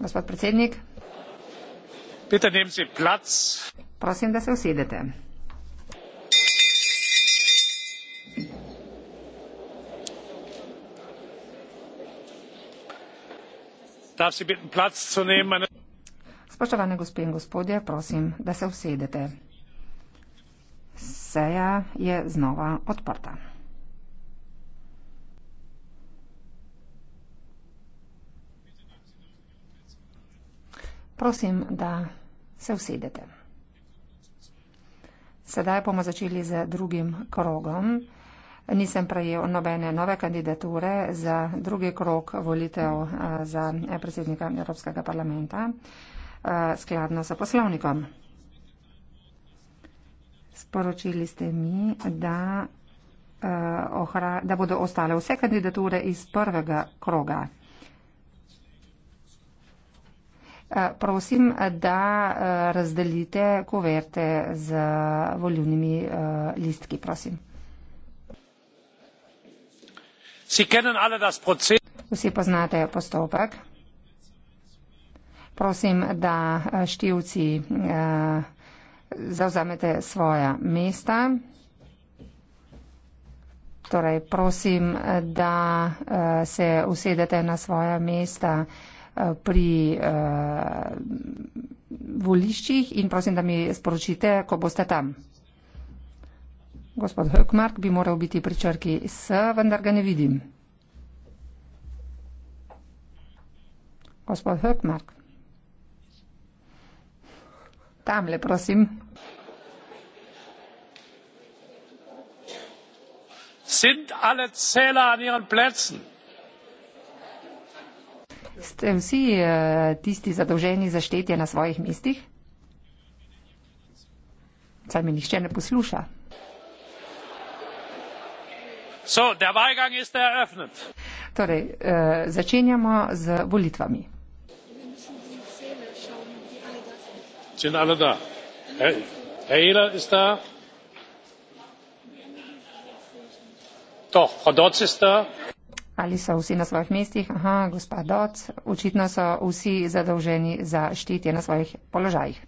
gospod predsednik bitte nehmen sie platz prosim da se usedete darf sie bitten platz zu nehmen meine spoštovane gospe in gospodje prosim da se usedete seja je znova odprta Prosim, da se usedete. Sedaj bomo začeli z drugim krogom. Nisem prejel nobene nove kandidature za drugi krok volitev eh, za eh, predsednika Evropskega parlamenta eh, skladno s poslovnikom. Sporočili ste mi, da, da bodo ostale vse kandidature iz prvega kroga. Prosim, da eh, razdelite koverte z eh, voljivnimi eh, listki, prosim. Vsi poznate postopek. Prosim, da števci zauzamete svoja mesta. Torej, prosim, da se usedete na svoja mesta. Eh, pri eh, voliščih in prosim, da mi sporočite, ko boste tam. Gospod Hökmark bi moral biti pri črki S, vendar ga ne vidim. Gospod Hökmark. Tamle, prosim. Sind alle Zähler an ihren Plätzen? Ste vsi eh, tisti zadolženi za štetje na svojih mestih? Saj mi nihče ne posluša. So, der Wahlgang ist eröffnet. Torej, äh, začenjamo z volitvami. Sind alle da? Herr Ehler ist da? Doch, Frau Dotz ist da. Ali so vsi na svojih mestih? Aha, gospod Dot, očitno so vsi zadolženi za štitje na svojih položajih.